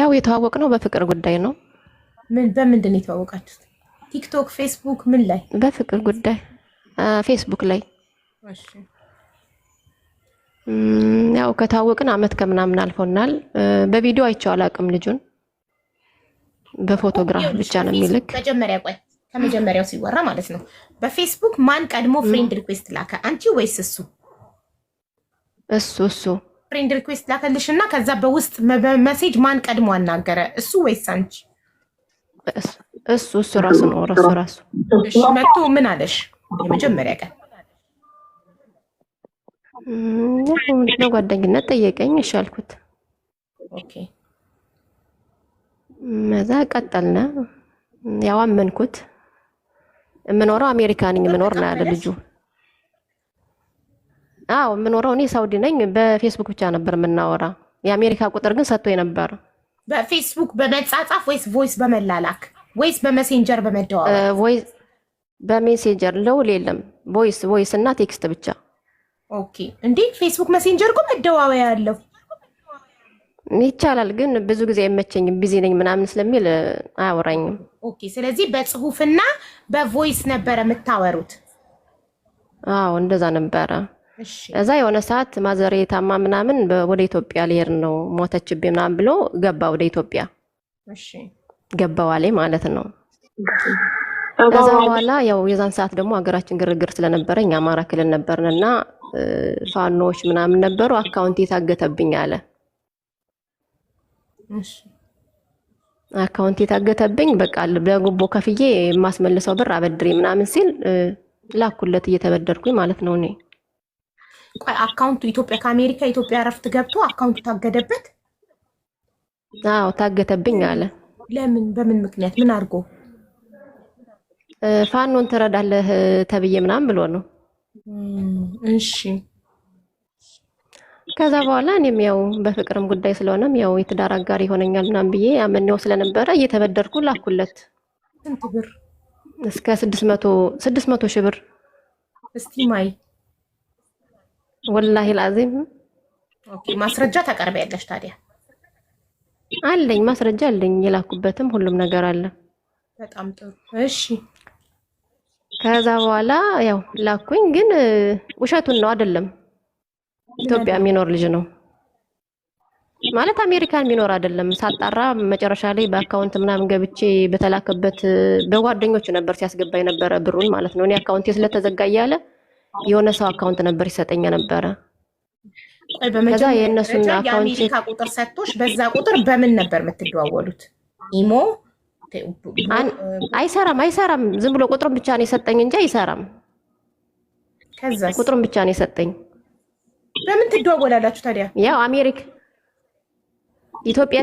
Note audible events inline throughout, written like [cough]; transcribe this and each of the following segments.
ያው የተዋወቅ ነው በፍቅር ጉዳይ ነው። ምን በምንድን ነው የተዋወቃችሁት? ቲክቶክ፣ ፌስቡክ ምን ላይ? በፍቅር ጉዳይ ፌስቡክ ላይ ያው ከተዋወቅን አመት ከምናምን አልፎናል። በቪዲዮ አይቼው አላውቅም ልጁን፣ በፎቶግራፍ ብቻ ነው የሚልክ። መጀመሪያ ቆይ ከመጀመሪያው ሲወራ ማለት ነው። በፌስቡክ ማን ቀድሞ ፍሬንድ ሪኩዌስት ላከ? አንቺ ወይስ እሱ? እሱ እሱ ፍሬንድ ሪኩዌስት ላከልሽ እና ከዛ በውስጥ በመሴጅ ማን ቀድሞ አናገረ? እሱ ወይስ አንቺ? እሱ እሱ ራሱ ነው ራሱ ራሱ መጥቶ ምን አለሽ? የመጀመሪያ ቀን ምንድነው ጓደኝነት ጠየቀኝ። እሺ አልኩት። መዛ ቀጠልነ። ያው አመንኩት። የምኖረው አሜሪካ ነኝ የምኖር ነው ያለ ልጁ አዎ የምኖረው እኔ ሳውዲ ነኝ። በፌስቡክ ብቻ ነበር የምናወራ። የአሜሪካ ቁጥር ግን ሰጥቶ የነበረ በፌስቡክ በመጻጻፍ ወይስ ቮይስ በመላላክ ወይስ በሜሴንጀር በመደዋወል? በሜሴንጀር ልውል የለም ቮይስ ቮይስ እና ቴክስት ብቻ። ኦኬ እንዴ ፌስቡክ ሜሴንጀር እኮ መደዋወያ ያለው ይቻላል፣ ግን ብዙ ጊዜ አይመቸኝም ቢዚ ነኝ ምናምን ስለሚል አያወራኝም። ኦኬ ስለዚህ በጽሁፍና በቮይስ ነበረ የምታወሩት? አዎ እንደዛ ነበረ። እዛ የሆነ ሰዓት ማዘሬ ታማ ምናምን ወደ ኢትዮጵያ ልሄድ ነው ሞተችብኝ ምናምን ብሎ ገባ ወደ ኢትዮጵያ ገባዋሌ ማለት ነው። ከዛ በኋላ ያው የዛን ሰዓት ደግሞ ሀገራችን ግርግር ስለነበረ እኛ አማራ ክልል ነበርን እና ፋኖዎች ምናምን ነበሩ። አካውንት የታገተብኝ አለ አካውንት የታገተብኝ በቃ ለጉቦ ከፍዬ የማስመልሰው ብር አበድሬ ምናምን ሲል ላኩለት እየተበደርኩኝ ማለት ነው እኔ አካውንቱ ኢትዮጵያ ከአሜሪካ ኢትዮጵያ እረፍት ገብቶ አካውንቱ ታገደበት። አዎ ታገተብኝ አለ። ለምን? በምን ምክንያት? ምን አድርጎ? ፋኖን ትረዳለህ ተብዬ ምናምን ብሎ ነው። እሺ። ከዛ በኋላ እኔም ያው በፍቅርም ጉዳይ ስለሆነም ያው የትዳር አጋር ይሆነኛል ምናምን ብዬ ያመነው ስለነበረ እየተበደርኩ ላኩለት። ስንት ብር? እስከ ስድስት መቶ ስድስት መቶ ሺህ ብር። እስቲ ማይ ወላሂ ላዚም ማስረጃ ታቀርቢያለሽ? ታዲያ አለኝ፣ ማስረጃ አለኝ፣ የላኩበትም ሁሉም ነገር አለ። በጣም ጥሩ እሺ። ከዛ በኋላ ያው ላኩኝ፣ ግን ውሸቱን ነው አይደለም። ኢትዮጵያ የሚኖር ልጅ ነው ማለት አሜሪካን የሚኖር አይደለም። ሳጣራ መጨረሻ ላይ በአካውንት ምናምን ገብቼ በተላከበት በጓደኞቹ ነበር ሲያስገባ የነበረ ብሩን ማለት ነው። እኔ አካውንቴ ስለተዘጋ እያለ የሆነ ሰው አካውንት ነበር ይሰጠኛ ነበረ። ከዛ የእነሱና የአሜሪካ ቁጥር ሰጥቶሽ በዛ ቁጥር በምን ነበር የምትደዋወሉት? ኢሞ አይሰራም፣ አይሰራም። ዝም ብሎ ቁጥሩን ብቻ ነው የሰጠኝ እንጂ አይሰራም። ቁጥሩን ብቻ ነው የሰጠኝ። በምን ትደዋወላላችሁ ታዲያ? ያው አሜሪካ ኢትዮጵያ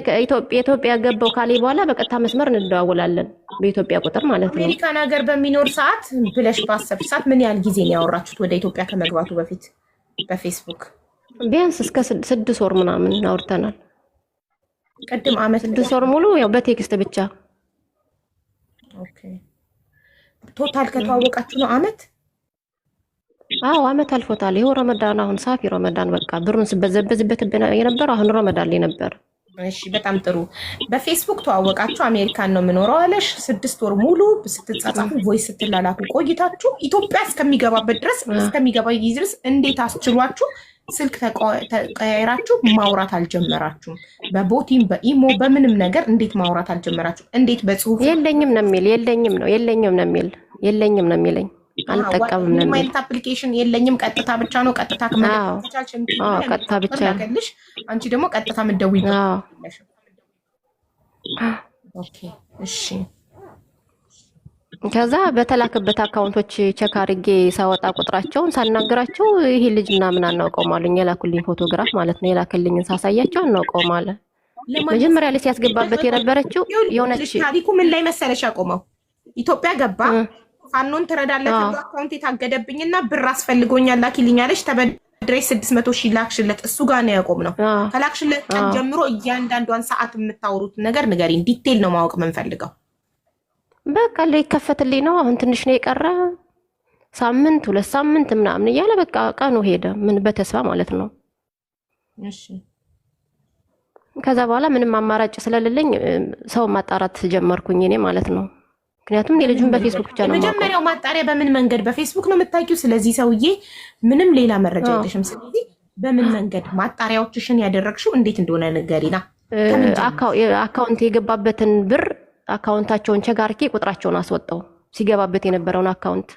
ኢትዮጵያ ገባው ካሌ በኋላ በቀጥታ መስመር እንደዋወላለን። በኢትዮጵያ ቁጥር ማለት ነው። አሜሪካን ሀገር በሚኖር ሰዓት ብለሽ ባሰብ ሰዓት ምን ያህል ጊዜ ነው ያወራችሁት? ወደ ኢትዮጵያ ከመግባቱ በፊት በፌስቡክ ቢያንስ እስከ ስድስት ወር ምናምን አውርተናል። ቅድም አመት ስድስት ወር ሙሉ ያው በቴክስት ብቻ። ቶታል ከተዋወቃችሁ ነው አመት? አዎ አመት አልፎታል። ይኸው ረመዳን አሁን ሳፊ ረመዳን በቃ ብሩን ስበዘበዝበት የነበረው አሁን ረመዳን ላይ ነበር። እሺ በጣም ጥሩ። በፌስቡክ ተዋወቃችሁ። አሜሪካን ነው የምኖረው አለሽ። ስድስት ወር ሙሉ ስትጻጻፉ ቮይስ ስትላላኩ ቆይታችሁ ኢትዮጵያ እስከሚገባበት ድረስ እስከሚገባ ጊዜ ድረስ እንዴት አስችሏችሁ ስልክ ተቀያይራችሁ ማውራት አልጀመራችሁም? በቦቲም በኢሞ በምንም ነገር እንዴት ማውራት አልጀመራችሁም? እንዴት በጽሁፍ የለኝም ነው የሚል የለኝም ነው የለኝም ነው የሚል የለኝም ነው የሚለኝ አልጠቀምም። ምንም አይነት አፕሊኬሽን የለኝም። ቀጥታ ብቻ ነው። ቀጥታ ቀጥታ ብቻ ያገልሽ። አንቺ ደግሞ ቀጥታ ምደዊ እሺ። ከዛ በተላክበት አካውንቶች ቼክ አድርጌ ሳወጣ ቁጥራቸውን ሳናገራቸው ይሄ ልጅ ምናምን አናውቀውም አሉኝ። የላኩልኝ ፎቶግራፍ ማለት ነው። የላክልኝን ሳሳያቸው አናውቀውም አለ። መጀመሪያ ላይ ሲያስገባበት የነበረችው የሆነች ታሪኩ ምን ላይ መሰለሽ ያቆመው ኢትዮጵያ ገባ ፋኖን ትረዳለህ አካውንት የታገደብኝና ብር አስፈልጎኛል ላኪልኛለች ተበድረሽ ስድስት መቶ ሺህ ላክሽለት። እሱ ጋር ነው ያቆም ነው። ከላክሽለት ቀን ጀምሮ እያንዳንዷን ሰዓት የምታወሩት ነገር ንገሪኝ። ዲቴል ነው ማወቅ የምንፈልገው። በቃ ሊከፈትልኝ ነው አሁን ትንሽ ነው የቀረ ሳምንት ሁለት ሳምንት ምናምን እያለ በቃ ቀኑ ሄደ። ምን በተስፋ ማለት ነው። ከዛ በኋላ ምንም አማራጭ ስለሌለኝ ሰው ማጣራት ጀመርኩኝ እኔ ማለት ነው። ምክንያቱም የልጁን በፌስቡክ ብቻ ነው መጀመሪያው ማጣሪያ በምን መንገድ በፌስቡክ ነው የምታውቂው። ስለዚህ ሰውዬ ምንም ሌላ መረጃ የለሽም። ስለዚህ በምን መንገድ ማጣሪያዎችሽን ያደረግሽው እንዴት እንደሆነ ንገሪና። አካውንት የገባበትን ብር አካውንታቸውን ቸጋርኬ ቁጥራቸውን አስወጣው ሲገባበት የነበረውን አካውንት።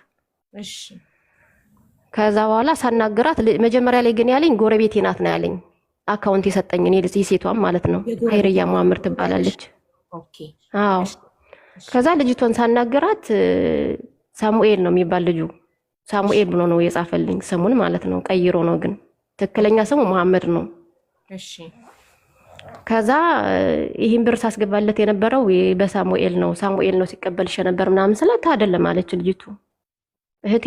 ከዛ በኋላ ሳናግራት መጀመሪያ ላይ ግን ያለኝ ጎረቤቴ ናት ነው ያለኝ አካውንት የሰጠኝ የሴቷም ማለት ነው። ሀይርያ መሀመድ ትባላለች። አዎ ከዛ ልጅቷን ሳናገራት ሳሙኤል ነው የሚባል ልጁ ሳሙኤል ብሎ ነው የጻፈልኝ ስሙን ማለት ነው። ቀይሮ ነው ግን ትክክለኛ ስሙ መሐመድ ነው። ከዛ ይህን ብር ሳስገባለት የነበረው በሳሙኤል ነው ሳሙኤል ነው ሲቀበልሽ ነበር ምናምን ስላት አይደለም አለች ልጅቱ። እህቴ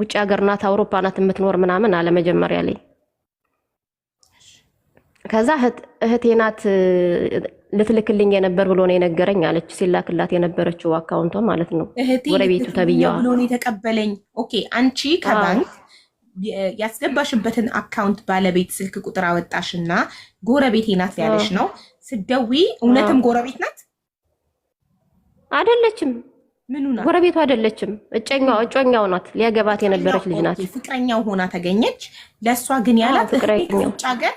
ውጭ ሀገር ናት አውሮፓ ናት የምትኖር ምናምን አለ መጀመሪያ ላይ። ከዛ እህቴ ናት ልትልክልኝ የነበር ብሎ ነው የነገረኝ አለች። ሲላክላት የነበረችው አካውንቷ ማለት ነው ጎረቤቱ ተብዬዋ ብሎ ነው የተቀበለኝ። ኦኬ አንቺ ከባንክ ያስገባሽበትን አካውንት ባለቤት ስልክ ቁጥር አወጣሽና ጎረቤቴ ናት ያለሽ ነው። ስደዊ። እውነትም ጎረቤት ናት አይደለችም? ምኑ ናት? ጎረቤቱ አይደለችም፣ እጮኛው እጮኛው ናት። ሊያገባት የነበረች ልጅ ናት። ፍቅረኛው ሆና ተገኘች። ለእሷ ግን ያላት ፍቅረኛው ሀገር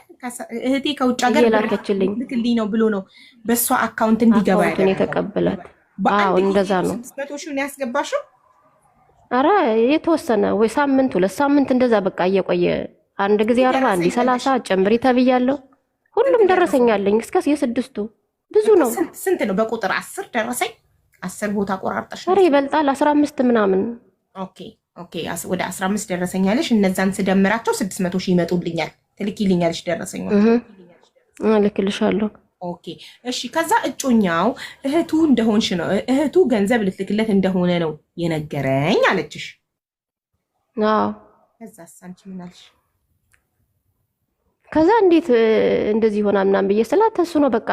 እህቴ ከውጭ ሀገር ላከችልኝ ልክልኝ ነው ብሎ ነው በእሷ አካውንት እንዲገባ የተቀበላት። እንደዛ ነው ያስገባሽው። አረ የተወሰነ ወይ ሳምንት ሁለት ሳምንት እንደዛ በቃ እየቆየ አንድ ጊዜ አርባ አንድ ሰላሳ ጨምሪ ተብያለሁ። ሁሉም ደረሰኛለኝ እስከ የስድስቱ ብዙ ነው። ስንት ነው በቁጥር አስር ደረሰኝ አስር ቦታ ቆራርጠሽ ኧረ ይበልጣል አስራ አምስት ምናምን ኦኬ ኦኬ ወደ አስራ አምስት ደረሰኛለሽ። እነዛን ስደምራቸው ስድስት መቶ ሺህ ይመጡልኛል። ትልኪልኛለሽ ደረሰኝ እልክልሻለሁ። ኦኬ እሺ። ከዛ እጮኛው እህቱ እንደሆንሽ ነው እህቱ ገንዘብ ልትልክለት እንደሆነ ነው የነገረኝ አለችሽ። ከዛ አንቺ ምን አልሽ? ከዛ እንዴት እንደዚህ ሆና ምናምን ብዬ ስላት እሱ ነው በቃ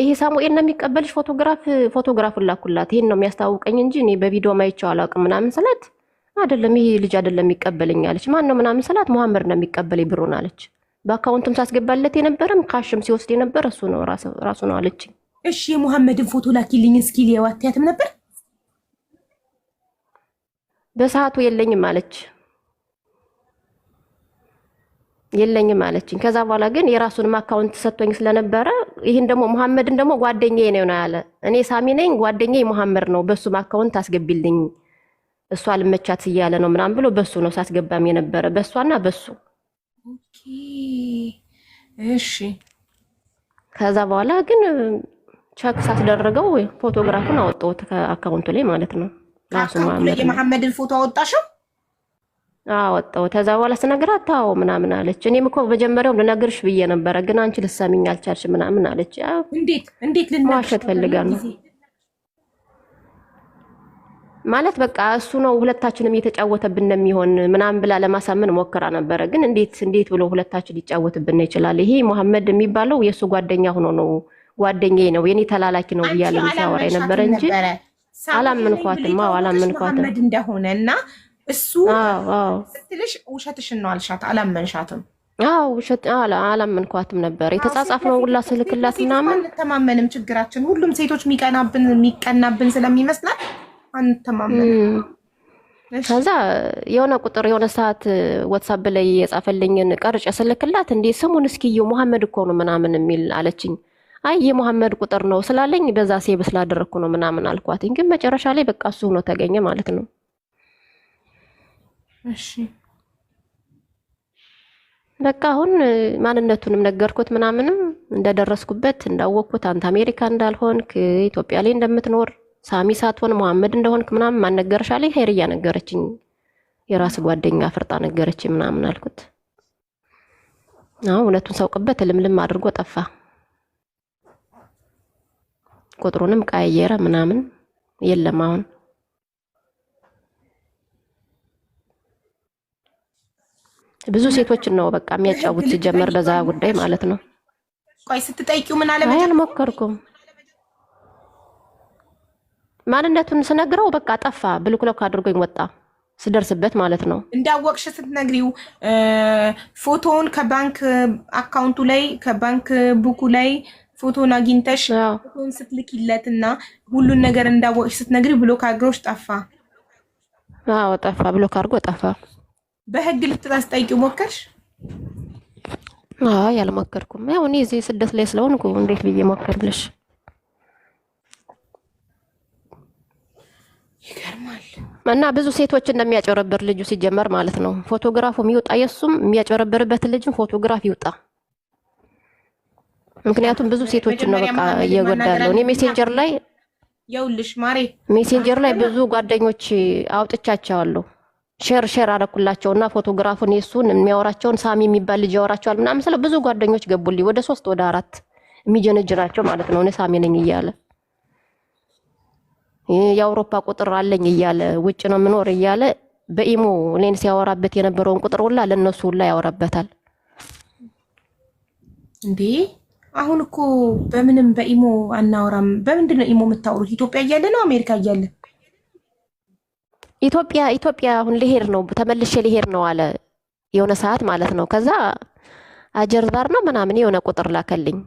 ይሄ ሳሙኤል ነው የሚቀበልሽ ፎቶግራፍ ፎቶግራፍን ላኩላት ይሄን ነው የሚያስታውቀኝ እንጂ እኔ በቪዲዮ ማይቸው አላውቅም ምናምን ስላት አይደለም ይሄ ልጅ አይደለም የሚቀበለኝ አለች። ማን ነው ምናምን ስላት መሐመድ ነው የሚቀበል ብሩን አለች። በአካውንትም ሳስገባለት የነበረም ካሽም ሲወስድ የነበር እሱ ነው ራሱ ነው አለችኝ። እሺ የሙሐመድን ፎቶ ላኪልኝ እስኪ ሊዋትያትም ነበር በሰዓቱ የለኝም አለች የለኝም አለችኝ። ከዛ በኋላ ግን የራሱንም አካውንት ሰጥቶኝ ስለነበረ ይህን ደግሞ ሙሐመድን ደግሞ ጓደኛዬ ነው ያለ። እኔ ሳሚ ነኝ፣ ጓደኛዬ ሙሐመድ ነው፣ በሱም አካውንት አስገቢልኝ እሷ አልመቻት እያለ ነው ምናምን ብሎ በሱ ነው ሳስገባም የነበረ በእሷና በሱ እሺ። ከዛ በኋላ ግን ቸክ ሳስደረገው ፎቶግራፉን አወጣሁት ከአካውንቱ ላይ ማለት ነው። ራሱ የመሐመድን ፎቶ አወጣሽው? አወጣው። ከዛ በኋላ ስነግራት ታው ምናምን አለች። እኔም እኮ መጀመሪያውም ልነግርሽ ብዬ ነበረ፣ ግን አንቺ ልሰሚኝ አልቻልሽ ምናምን አለች። እንዴት እንዴት ልንማሸት ፈልጋ ነው ማለት በቃ እሱ ነው ሁለታችንም እየተጫወተብን የሚሆን ምናምን ብላ ለማሳመን ሞክራ ነበረ። ግን እንዴት እንዴት ብሎ ሁለታችን ሊጫወትብን ይችላል? ይሄ መሐመድ የሚባለው የእሱ ጓደኛ ሆኖ ነው ጓደኛዬ ነው የኔ ተላላኪ ነው ብያለ ሲያወራ የነበረ እንጂ አላመንኳትም። አዎ አላመንኳትም እንደሆነ እና እሱ ስትልሽ ውሸትሽን ነው አልሻት፣ አላመንሻትም። አዎ ውሸት አላመንኳትም ነበር የተጻጻፍ ነው ሁላ ስልክላት ምናምን ተማመንም ችግራችን ሁሉም ሴቶች የሚቀናብን የሚቀናብን ስለሚመስላል አንተማመን ከዛ የሆነ ቁጥር የሆነ ሰዓት ወትሳፕ ላይ የጻፈልኝን ቀርጬ ስልክላት እንዴ ስሙን እስኪየው መሐመድ እኮ ነው ምናምን የሚል አለችኝ። አይ የመሐመድ ቁጥር ነው ስላለኝ በዛ ሴብ ስላደረግኩ ነው ምናምን አልኳትኝ። ግን መጨረሻ ላይ በቃ እሱ ሆኖ ተገኘ ማለት ነው። እሺ በቃ አሁን ማንነቱንም ነገርኩት ምናምንም እንደደረስኩበት እንዳወቅኩት አንተ አሜሪካ እንዳልሆንክ ኢትዮጵያ ላይ እንደምትኖር ሳሚ ሳትሆን መሐመድ እንደሆንክ ምናምን ማን ነገረሽ አለኝ። ኸይርያ ነገረችኝ። የራስ ጓደኛ ፍርጣ ነገረች ምናምን አልኩት። አሁን እውነቱን ሳውቅበት ልምልም አድርጎ ጠፋ። ቁጥሩንም ቀየረ ምናምን የለም አሁን ብዙ ሴቶችን ነው በቃ የሚያጫውት ሲጀመር በዛ ጉዳይ ማለት ነው። ቆይ ስትጠይቂው ምን አለ? አልሞከርኩም ማንነቱን ስነግረው በቃ ጠፋ፣ ብሎክ አድርጎኝ ወጣ። ስደርስበት ማለት ነው። እንዳወቅሽ ስትነግሪው ፎቶውን ከባንክ አካውንቱ ላይ ከባንክ ቡኩ ላይ ፎቶን አግኝተሽ ፎቶን ስትልኪለት እና ሁሉን ነገር እንዳወቅሽ ስትነግሪው ብሎክ አድርጎሽ ጠፋ። አዎ ጠፋ፣ ብሎክ አድርጎ ጠፋ። በህግ ልትታስጠይቂ ሞከርሽ? አይ አልሞከርኩም። ያው እኔ እዚህ ስደት ላይ ስለሆንኩ እንዴት ብዬ ሞከርልሽ? ይገርማል። እና ብዙ ሴቶች እንደሚያጨረብር ልጁ ሲጀመር ማለት ነው። ፎቶግራፉ የሚወጣ የሱም የሚያጨረብርበት ልጅም ፎቶግራፍ ይውጣ። ምክንያቱም ብዙ ሴቶችን ነው በቃ እየጎዳ እኔ ሜሴንጀር ላይ የውልሽ ማሬ ሜሴንጀር ላይ ብዙ ጓደኞች አውጥቻቸዋለሁ። ሼር ሼር አደረኩላቸው እና ፎቶግራፉን የሱን የሚያወራቸውን ሳሚ የሚባል ልጅ ያወራቸዋል ምናምን ስለ ብዙ ጓደኞች ገቡልኝ። ወደ ሶስት ወደ አራት የሚጀነጅናቸው ማለት ነው። እኔ ሳሚ ነኝ እያለ የአውሮፓ ቁጥር አለኝ እያለ ውጭ ነው የምኖር እያለ በኢሞ እኔን ሲያወራበት የነበረውን ቁጥር ሁላ ለእነሱ ሁላ ያወራበታል። እንዴ አሁን እኮ በምንም በኢሞ አናወራም። በምንድን ነው ኢሞ የምታወሩት? ኢትዮጵያ እያለ ነው አሜሪካ እያለ ኢትዮጵያ ኢትዮጵያ አሁን ልሄድ ነው ተመልሼ ልሄድ ነው አለ የሆነ ሰዓት ማለት ነው። ከዛ አጀርዛር ነው ምናምን የሆነ ቁጥር ላከልኝ።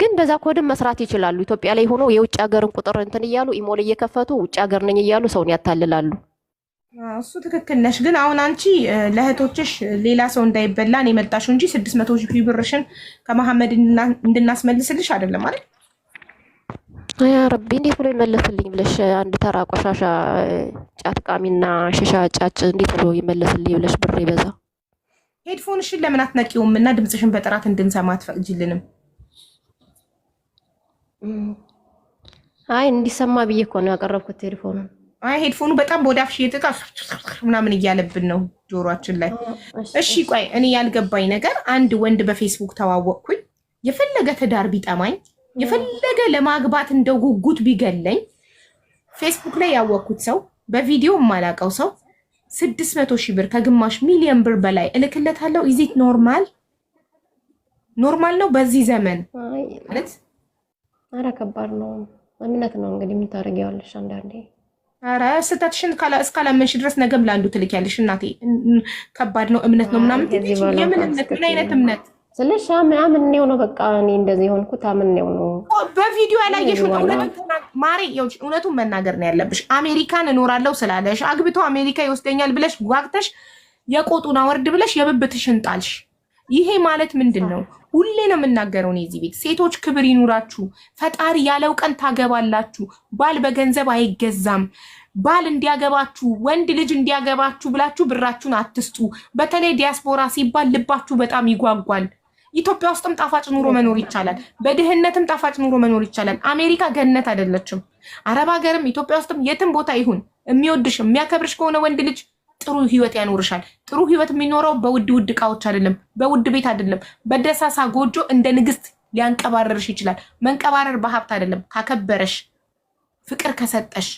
ግን በዛ ኮድም መስራት ይችላሉ። ኢትዮጵያ ላይ ሆኖ የውጭ ሀገርን ቁጥር እንትን እያሉ ኢሞል እየከፈቱ ውጭ ሀገር ነኝ እያሉ ሰውን ያታልላሉ። እሱ ትክክል ነሽ። ግን አሁን አንቺ ለእህቶችሽ ሌላ ሰው እንዳይበላን የመጣሽው እንጂ ስድስት መቶ ሺህ ብርሽን ከመሐመድ እንድናስመልስልሽ አይደለም አይደል? ያ ረቢ እንዴት ብሎ ይመለስልኝ ብለሽ አንድ ተራ ቆሻሻ ጫት ቃሚና ሽሻ ጫጭ እንዴት ብሎ ይመለስልኝ ብለሽ ብር ይበዛ ሄድፎንሽን ለምን አትነቂውም? እና ድምፅሽን በጥራት እንድንሰማ አትፈቅጂልንም? አይ እንዲሰማ ብዬ እኮ ነው ያቀረብኩት ቴሌፎኑ። አይ ሄድፎኑ በጣም በወዳፍሽ እየጠጣ ምናምን እያለብን ነው ጆሮችን ላይ። እሺ ቆይ እኔ ያልገባኝ ነገር አንድ ወንድ በፌስቡክ ተዋወቅኩኝ፣ የፈለገ ትዳር ቢጠማኝ፣ የፈለገ ለማግባት እንደው ጉጉት ቢገለኝ፣ ፌስቡክ ላይ ያወቅኩት ሰው በቪዲዮ ማላቀው ሰው ስድስት መቶ ሺህ ብር ከግማሽ ሚሊዮን ብር በላይ እልክለታለሁ። ኢዚት ኖርማል ኖርማል ነው በዚህ ዘመን ማለት አረ ከባድ ነው። እምነት ነው እንግዲህ ያለሽ አንዳንዴ። አረ ስህተትሽን እስካላመንሽ ድረስ ነገም ለአንዱ ትልኪያለሽ። እናቴ ከባድ ነው፣ እምነት ነው ምናምን። የምን እምነት? ምን አይነት እምነት ስለሽ አምኔው ነው በቃ እኔ እንደዚህ የሆንኩት አምኔው ነው። በቪዲዮ ያላየሽው ማሬ፣ እውነቱን መናገር ነው ያለብሽ። አሜሪካን እኖራለሁ ስላለሽ አግብቶ አሜሪካ ይወስደኛል ብለሽ ጓግተሽ የቆጡን አወርድ ብለሽ የብብትሽን ጣልሽ። ይሄ ማለት ምንድን ነው? ሁሌ ነው የምናገረው እኔ እዚህ ቤት ሴቶች ክብር ይኑራችሁ። ፈጣሪ ያለው ቀን ታገባላችሁ። ባል በገንዘብ አይገዛም። ባል እንዲያገባችሁ ወንድ ልጅ እንዲያገባችሁ ብላችሁ ብራችሁን አትስጡ። በተለይ ዲያስፖራ ሲባል ልባችሁ በጣም ይጓጓል። ኢትዮጵያ ውስጥም ጣፋጭ ኑሮ መኖር ይቻላል። በድህነትም ጣፋጭ ኑሮ መኖር ይቻላል። አሜሪካ ገነት አይደለችም። አረብ ሀገርም ኢትዮጵያ ውስጥም የትም ቦታ ይሁን የሚወድሽ የሚያከብርሽ ከሆነ ወንድ ልጅ ጥሩ ህይወት ያኖርሻል። ጥሩ ህይወት የሚኖረው በውድ ውድ እቃዎች አይደለም፣ በውድ ቤት አይደለም፣ በደሳሳ ጎጆ እንደ ንግስት ሊያንቀባረርሽ ይችላል። መንቀባረር በሀብት አይደለም፣ ካከበረሽ ፍቅር ከሰጠሽ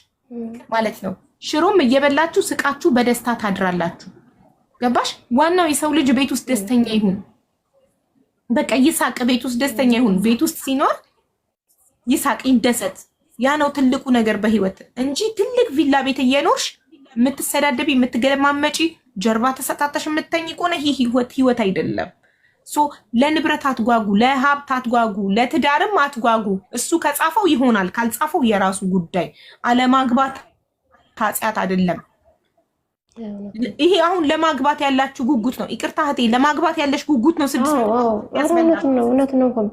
ማለት ነው። ሽሮም እየበላችሁ ስቃችሁ በደስታ ታድራላችሁ። ገባሽ? ዋናው የሰው ልጅ ቤት ውስጥ ደስተኛ ይሁን፣ በቃ ይሳቅ። ቤት ውስጥ ደስተኛ ይሁን። ቤት ውስጥ ሲኖር ይሳቅ፣ ይደሰት። ያ ነው ትልቁ ነገር በህይወት እንጂ ትልቅ ቪላ ቤት እየኖርሽ የምትሰዳደቢ የምትገለማመጪ ጀርባ ተሰጣጠሽ የምተኝ ከሆነ ይህ ህይወት አይደለም። ለንብረት አትጓጉ፣ ለሀብት አትጓጉ፣ ለትዳርም አትጓጉ። እሱ ከጻፈው ይሆናል፣ ካልጻፈው የራሱ ጉዳይ። አለማግባት ኃጢአት አይደለም። ይሄ አሁን ለማግባት ያላችሁ ጉጉት ነው። ይቅርታ እህቴ፣ ለማግባት ያለሽ ጉጉት ነው። ስድስት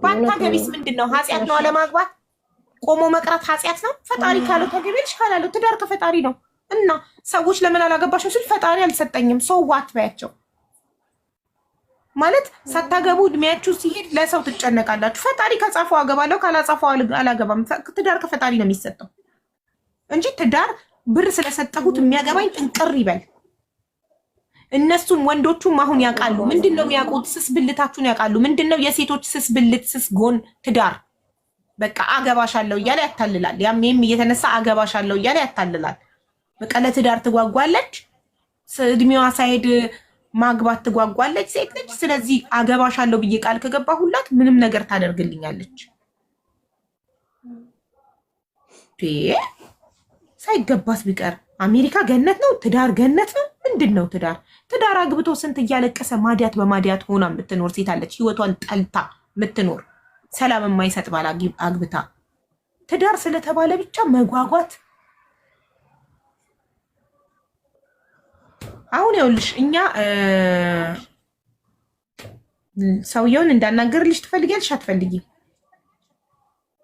ባታገቢስ ምንድን ነው? ኃጢአት ነው አለማግባት። ቆሞ መቅረት ኃጢአት ነው። ፈጣሪ ካለው ተገቢልሽ፣ ካላለው ትዳር ከፈጣሪ ነው። እና ሰዎች ለምን አላገባሽም ሲሉ ፈጣሪ አልሰጠኝም ሰው ዋት በያቸው ማለት ሳታገቡ እድሜያችሁ ሲሄድ ለሰው ትጨነቃላችሁ። ፈጣሪ ከጻፈው አገባለሁ ካላጻፈው አላገባም። ትዳር ከፈጣሪ ነው የሚሰጠው እንጂ ትዳር ብር ስለሰጠሁት የሚያገባኝ ጥንቅር ይበል። እነሱም ወንዶቹም አሁን ያውቃሉ። ምንድን ነው የሚያውቁት? ስስ ብልታችሁን ያውቃሉ። ምንድን ነው የሴቶች ስስ ብልት፣ ስስ ጎን ትዳር። በቃ አገባሻለሁ እያለ ያታልላል። ያም እየተነሳ አገባሻለሁ እያለ ያታልላል። በቃ ለትዳር ትጓጓለች። እድሜዋ ሳይሄድ ማግባት ትጓጓለች ሴት ልጅ። ስለዚህ አገባሻለሁ ብዬ ቃል ከገባሁላት ምንም ነገር ታደርግልኛለች። ሳይገባት ቢቀር አሜሪካ ገነት ነው፣ ትዳር ገነት ነው። ምንድን ነው ትዳር? ትዳር አግብቶ ስንት እያለቀሰ ማዲያት በማዲያት ሆና የምትኖር ሴት አለች። ህይወቷን ጠልታ የምትኖር ሰላም የማይሰጥ ባል አግብታ ትዳር ስለተባለ ብቻ መጓጓት አሁን ይኸውልሽ እኛ ሰውየውን እንዳናገርልሽ ትፈልጊያለሽ? አትፈልጊም?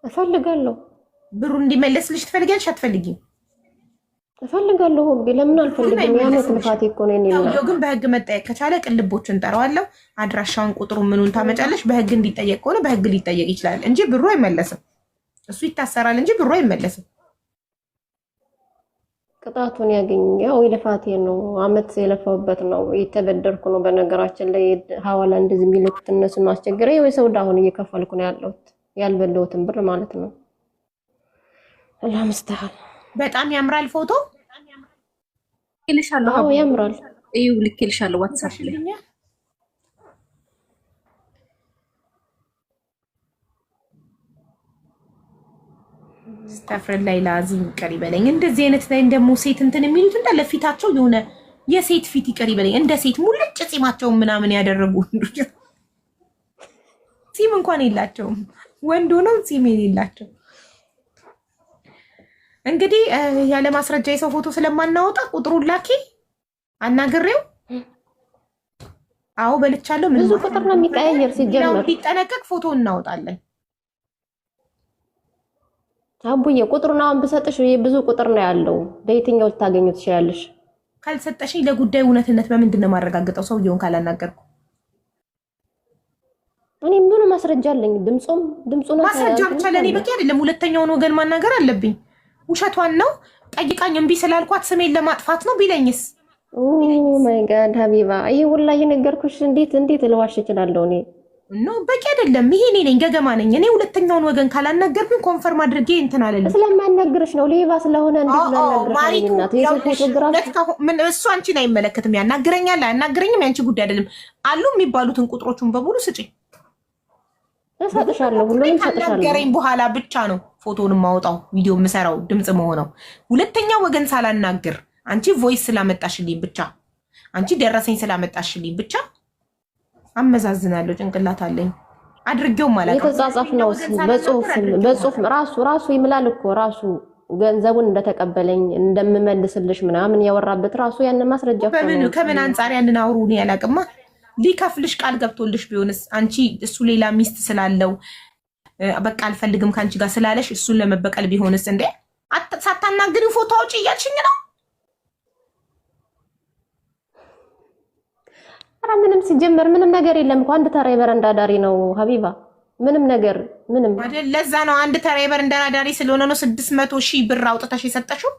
እፈልጋለሁ። ብሩ እንዲመለስልሽ ትፈልጊያለሽ? አትፈልጊም? እፈልጋለሁ። ቢ ለምን አልፈልግም? ያመት ልፋቴ እኮ ነው። ሰውየው ግን በህግ መጠየቅ ከቻለ ቅልቦች እንጠራዋለሁ። አድራሻውን፣ ቁጥሩ፣ ምኑን ታመጫለሽ። በህግ እንዲጠየቅ ከሆነ በህግ ሊጠየቅ ይችላል እንጂ ብሩ አይመለስም። እሱ ይታሰራል እንጂ ብሩ አይመለስም። ቅጣቱን ያገኝ። ያው የልፋቴ ነው፣ አመት የለፋውበት ነው፣ የተበደርኩ ነው። በነገራችን ላይ ሀዋላ እንደዚህ የሚልኩት እነሱ ነው አስቸግረ ወይ ሰው አሁን እየከፈልኩ ነው ያለሁት ያልበለሁትን ብር ማለት ነው። አላህ በጣም ያምራል ፎቶ ልሻለሁ፣ ያምራል። እዩ ልክ ልሻለሁ ዋትሳፕ ላይ ስታፍረን ላይ ላዚም ይቀር ይበለኝ። እንደዚህ አይነት ላይ ደግሞ ሴት እንትን የሚሉት እንዳለ ፊታቸው የሆነ የሴት ፊት ይቀር ይበለኝ። እንደ ሴት ሙልጭ ጺማቸውን ምናምን ያደረጉ ወንዶች [laughs] ጺም እንኳን የላቸውም። ወንዶ ነው ጺም የሌላቸው እንግዲህ ያለ ማስረጃ የሰው ፎቶ ስለማናወጣ ቁጥሩን ላኪ አናግሬው። አዎ በልቻለሁ። ብዙ ቁጥር ነው የሚቀያየር። ሲጀምር ሊጠነቀቅ ፎቶ እናወጣለን። አቡዬ ቁጥሩን አሁን ብሰጥሽ ብዙ ቁጥር ነው ያለው። በየትኛው ልታገኙ ትችላለሽ? ካልሰጠሽኝ ለጉዳዩ እውነትነት በምንድን ነው የማረጋግጠው? ሰውየውን ካላናገርኩ እኔ ምን ማስረጃ አለኝ? ድምፁም ድምፁ ነው ማስረጃ ብቻ ለእኔ በቂ አይደለም። ሁለተኛውን ወገን ማናገር አለብኝ። ውሸቷን ነው ጠይቃኝ እምቢ ስላልኳት ስሜን ለማጥፋት ነው ቢለኝስ? ኦ ማይ ጋድ ሀቢባ፣ ይሄ ሁላ የነገርኩሽ እንዴት እንዴት ልዋሽ እችላለሁ እኔ ኖ በቂ አይደለም። ይሄ እኔ ነኝ ገገማ ነኝ። እኔ ሁለተኛውን ወገን ካላናገርኩኝ ኮንፈርም አድርጌ እንትን አለልኝ። ስለማናግርሽ ነው ሌባ ስለሆነ እሱ አንቺን አይመለከትም። ያናግረኛል አያናግረኝም ያንቺ ጉዳይ አይደለም። አሉ የሚባሉትን ቁጥሮቹን በሙሉ ስጪ፣ እሰጥሻለሁ። ሁሉም ካናገረኝ በኋላ ብቻ ነው ፎቶን የማወጣው ቪዲዮ የምሰራው ድምፅ መሆነው። ሁለተኛ ወገን ሳላናግር አንቺ ቮይስ ስላመጣሽልኝ ብቻ አንቺ ደረሰኝ ስላመጣሽልኝ ብቻ አመዛዝናለሁ፣ ጭንቅላት አለኝ። አድርጌው ማለት የተጻጻፍ ነው በጽሁፍ ራሱ ራሱ ይምላል እኮ ራሱ ገንዘቡን እንደተቀበለኝ እንደምመልስልሽ ምናምን ያወራበት ራሱ ያን ማስረጃ ከምን አንጻር ያንን አውሩ እኔ አላቅማ። ሊከፍልሽ ቃል ገብቶልሽ ቢሆንስ አንቺ እሱ ሌላ ሚስት ስላለው በቃ አልፈልግም ከአንቺ ጋር ስላለሽ እሱን ለመበቀል ቢሆንስ? እንዴ ሳታናግሪው ፎቶ አውጪ እያልሽኝ ነው ኧረ ምንም ሲጀመር ምንም ነገር የለም እኮ አንድ ተራ የበረንዳ ዳሪ ነው ሀቢባ ምንም ነገር ምንም አይደል። ለዛ ነው አንድ ተራ የበረንዳ ዳሪ ስለሆነ ነው ስድስት መቶ ሺህ ብር አውጥተሽ የሰጠሽው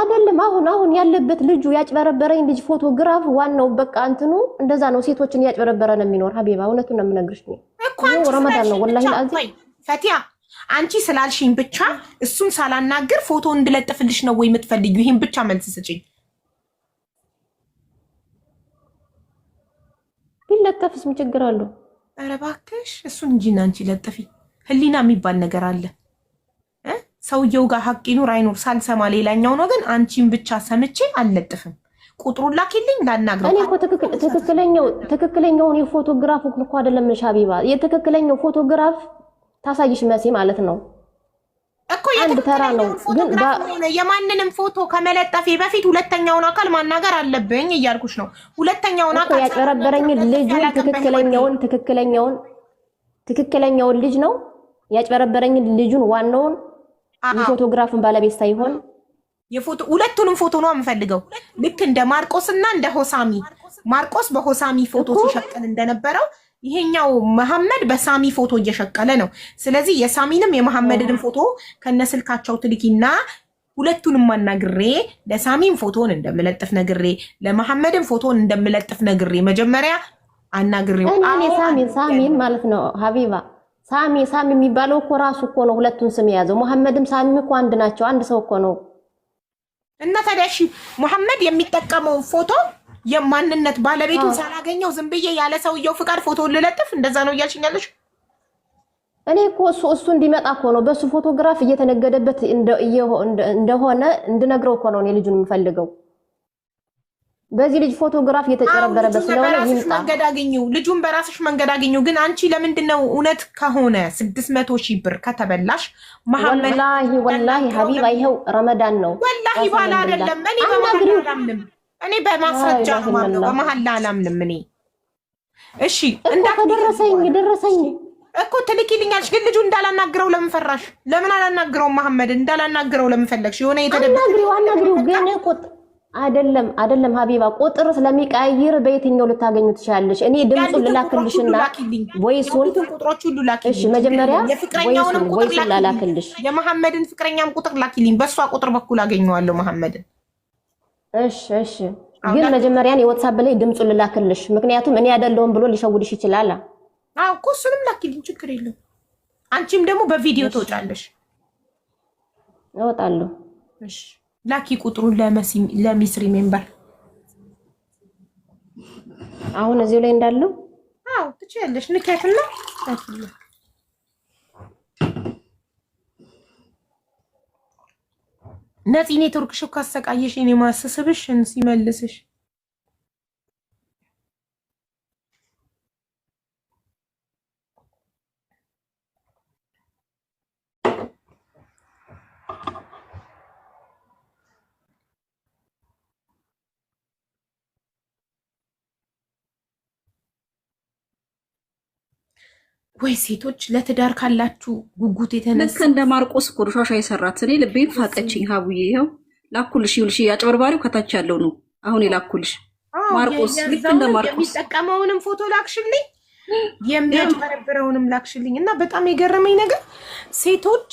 አይደለም። አሁን አሁን ያለበት ልጁ ያጭበረበረኝ ልጅ ፎቶግራፍ ዋናው በቃ እንትኑ እንደዛ ነው። ሴቶችን እያጭበረበረ ነው የሚኖር ሀቢባ፣ እውነቱን ነው የምነግርሽ። እኮ ረመዳን ነው ወላሂ ፈቲያ አንቺ ስላልሽኝ ብቻ እሱን ሳላናግር ፎቶ እንድለጥፍልሽ ነው ወይ የምትፈልጊው? ይህን ብቻ መልስ ስጭኝ። ብለጠፍስ ምን ችግር አለው? ኧረ እባክሽ እሱን እንጂ አንቺ ለጥፊ። ህሊና የሚባል ነገር አለ። ሰውየው ጋር ሀቅ ይኑር አይኑር ሳልሰማ ሌላኛው ነው። ግን አንቺን ብቻ ሰምቼ አልለጥፍም። ቁጥሩን ላኪልኝ ላናግረው። እኔ እኮ ትክክለኛውን የፎቶግራፍ እኮ አይደለም ሻቢባ፣ የትክክለኛው ፎቶግራፍ ታሳይሽ መቼ ማለት ነው እኮ አንድ ተራ ነው ግን የማንንም ፎቶ ከመለጠፌ በፊት ሁለተኛውን አካል ማናገር አለብኝ እያልኩሽ ነው። ሁለተኛውን አካል ያጭበረበረኝ ልጅ ትክክለኛውን ትክክለኛውን ትክክለኛውን ልጅ ነው ያጭበረበረኝ ልጁን ዋናውን የፎቶግራፍን ባለቤት ሳይሆን የፎቶ ሁለቱንም ፎቶ ነው የምፈልገው። ልክ እንደ ማርቆስ እና እንደ ሆሳሚ ማርቆስ በሆሳሚ ፎቶ ሲሸቀል እንደነበረው ይሄኛው መሐመድ በሳሚ ፎቶ እየሸቀለ ነው። ስለዚህ የሳሚንም የመሐመድንም ፎቶ ከነስልካቸው ትልኪና ሁለቱንም አናግሬ ለሳሚን ፎቶን እንደምለጥፍ ነግሬ ለመሐመድን ፎቶን እንደምለጥፍ ነግሬ መጀመሪያ አናግሬ ሳሚን ማለት ነው ሀቢባ ሳሚ ሳሚ የሚባለው እኮ ራሱ እኮ ነው ሁለቱን ስም የያዘው። መሐመድም ሳሚም እኮ አንድ ናቸው። አንድ ሰው እኮ ነው እና ታዲያ እሺ ሙሐመድ የሚጠቀመው ፎቶ የማንነት ባለቤቱን ሳላገኘው ዝም ብዬ ያለ ሰውየው ፍቃድ ፎቶ ልለጥፍ እንደዛ ነው እያልሽኛለሽ እኔ እኮ እሱ እንዲመጣ እኮ ነው በእሱ ፎቶግራፍ እየተነገደበት እንደሆነ እንድነግረው እኮ ነው እኔ ልጁን የምፈልገው። በዚህ ልጅ ፎቶግራፍ እየተጨረበረበት ስለሆነ በራስሽ መንገድ አገኘው፣ ልጁን በራስሽ መንገድ አገኘው። ግን አንቺ ለምንድን ነው እውነት ከሆነ ስድስት መቶ ሺህ ብር ከተበላሽ ወላሂ ወላ ሀቢባ ይኸው ረመዳን ነው ወላ ባላ አደለም። እኔ በመሀል አላምንም፣ እኔ በማስረጃ ነው በመሀል አላምንም። እኔ እሺ ደረሰኝ ደረሰኝ እኮ ትልኪልኛለሽ፣ ግን ልጁ እንዳላናግረው ለምን ፈራሽ? ለምን አላናግረው? መሐመድ እንዳላናግረው ለምን ፈለግሽ? የሆነ የተደበቀ አናግሪው አናግሪው ግን ቁጥ አይደለም አይደለም፣ ሀቢባ ቁጥር ስለሚቀይር በየትኛው ልታገኙ ትችላለች? እኔ ድምፁን ልላክልሽና ወይሱን ቁጥሮች ሁሉ ላኪልኝ። መጀመሪያ የፍቅረኛውንም ላላክልሽ፣ የመሐመድን ፍቅረኛም ቁጥር ላክልኝ። በእሷ ቁጥር በኩል አገኘዋለሁ መሐመድን። እሺ እሺ፣ ግን መጀመሪያን የወትሳብ ላይ ድምፁን ልላክልሽ፣ ምክንያቱም እኔ አይደለሁም ብሎ ሊሸውድሽ ይችላል። አዎ እኮ እሱንም ላኪልኝ፣ ችግር የለም። አንቺም ደግሞ በቪዲዮ ትወጫለሽ። እወጣለሁ። እሺ ላኪ ቁጥሩን ለሚስሪ ሜምበር አሁን እዚሁ ላይ እንዳለው አዎ፣ ትችያለሽ። ንካትና ታክሉ ነፂ ኔትወርክሽ እኮ አሰቃየሽ። እኔ ማስስብሽ ሲመልስሽ ወይ ሴቶች ለትዳር ካላችሁ ጉጉት የተነሳ ልክ እንደ ማርቆስ እኮ ሻሻ የሰራት እኔ ልቤን ፋቀችኝ። ሀቡዬ ይኸው ላኩልሽ፣ ይኸውልሽ አጭበርባሪው ከታች ያለው ነው አሁን የላኩልሽ ማርቆስ። ልክ እንደ ማርቆስ የሚጠቀመውንም ፎቶ ላክሽልኝ፣ የሚያጭበረብረውንም ላክሽልኝ። እና በጣም የገረመኝ ነገር ሴቶች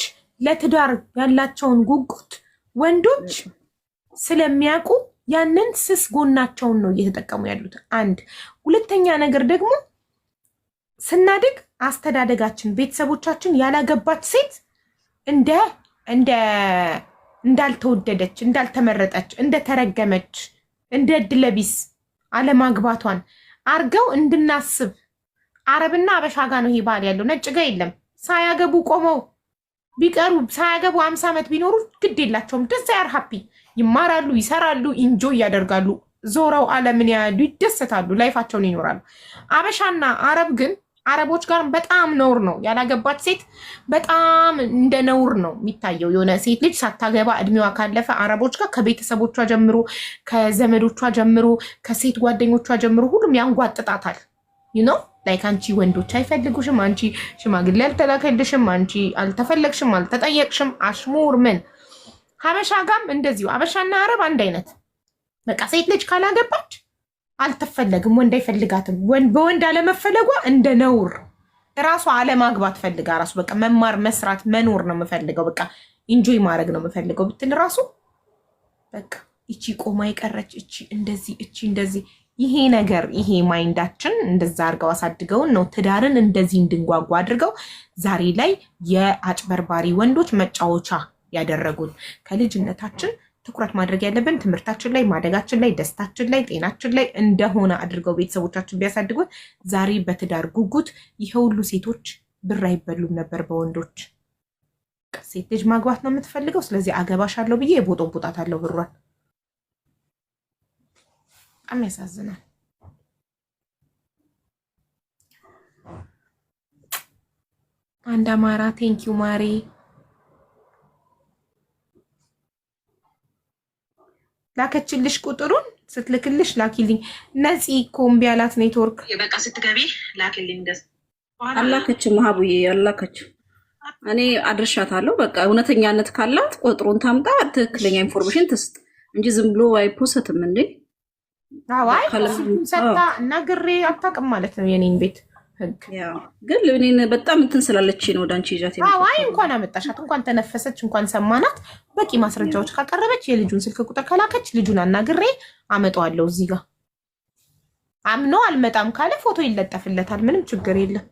ለትዳር ያላቸውን ጉጉት ወንዶች ስለሚያውቁ ያንን ስስ ጎናቸውን ነው እየተጠቀሙ ያሉት። አንድ ሁለተኛ ነገር ደግሞ ስናድግ አስተዳደጋችን ቤተሰቦቻችን ያላገባች ሴት እንደ እንደ እንዳልተወደደች እንዳልተመረጠች እንደተረገመች እንደ እድለቢስ አለማግባቷን አርገው እንድናስብ አረብና አበሻ ጋ ነው ይሄ ባህል ያለው። ነጭ ጋ የለም። ሳያገቡ ቆመው ቢቀሩ ሳያገቡ አምሳ ዓመት ቢኖሩ ግድ የላቸውም። ደስ ያር ሀፒ ይማራሉ፣ ይሰራሉ፣ ኢንጆ ያደርጋሉ፣ ዞረው አለምን ያሉ ይደሰታሉ፣ ላይፋቸውን ይኖራሉ። አበሻና አረብ ግን አረቦች ጋር በጣም ነውር ነው። ያላገባች ሴት በጣም እንደ ነውር ነው የሚታየው። የሆነ ሴት ልጅ ሳታገባ እድሜዋ ካለፈ አረቦች ጋር ከቤተሰቦቿ ጀምሮ፣ ከዘመዶቿ ጀምሮ፣ ከሴት ጓደኞቿ ጀምሮ ሁሉም ያንጓጥጣታል። ነው ላይክ አንቺ ወንዶች አይፈልጉሽም፣ አንቺ ሽማግሌ አልተላከልሽም፣ አንቺ አልተፈለግሽም፣ አልተጠየቅሽም፣ አሽሙር ምን። ሀበሻ ጋም እንደዚሁ ሀበሻና አረብ አንድ አይነት በቃ ሴት ልጅ ካላገባች አልተፈለግም። ወንድ አይፈልጋትም። በወንድ አለመፈለጓ እንደ ነውር ራሱ አለማግባት ፈልጋ ራሱ በቃ መማር፣ መስራት፣ መኖር ነው የምፈልገው በቃ ኢንጆይ ማድረግ ነው የምፈልገው ብትል ራሱ በቃ እቺ ቆማ የቀረች እቺ እንደዚህ እቺ እንደዚህ ይሄ ነገር ይሄ ማይንዳችን እንደዛ አድርገው አሳድገውን ነው ትዳርን እንደዚህ እንድንጓጓ አድርገው ዛሬ ላይ የአጭበርባሪ ወንዶች መጫወቻ ያደረጉን ከልጅነታችን ትኩረት ማድረግ ያለብን ትምህርታችን ላይ፣ ማደጋችን ላይ፣ ደስታችን ላይ፣ ጤናችን ላይ እንደሆነ አድርገው ቤተሰቦቻችን ቢያሳድጉን ዛሬ በትዳር ጉጉት ይሄ ሁሉ ሴቶች ብር አይበሉም ነበር በወንዶች። ሴት ልጅ ማግባት ነው የምትፈልገው፣ ስለዚህ አለው ብዬ የቦጦ ቦጣት አለው ብሯል። በጣም ያሳዝናል። አንድ አማራ ቴንኪው ማሬ ላከችልሽ ቁጥሩን ስትልክልሽ ላኪልኝ። ነፂ ኮምቢ እምቢ አላት ኔትወርክ። በቃ ስትገቢ ላኪልኝ። ደስ አላከችም፣ ሀቡዬ አላከችም። እኔ አድርሻታለሁ። በቃ እውነተኛነት ካላት ቁጥሩን ታምጣ፣ ትክክለኛ ኢንፎርሜሽን ትስጥ እንጂ ዝም ብሎ አይፖስትም እንዴ። ሰታ እና አታውቅም ማለት ነው የኔን ቤት ግን እኔን በጣም እንትን ስላለች ነው ወደ አንቺ ይዣት። አይ እንኳን አመጣሻት፣ እንኳን ተነፈሰች፣ እንኳን ሰማናት፣ በቂ ማስረጃዎች ካቀረበች የልጁን ስልክ ቁጥር ከላከች ልጁን አናግሬ አመጣዋለሁ። እዚህ ጋር አምኖ አልመጣም ካለ ፎቶ ይለጠፍለታል። ምንም ችግር የለም።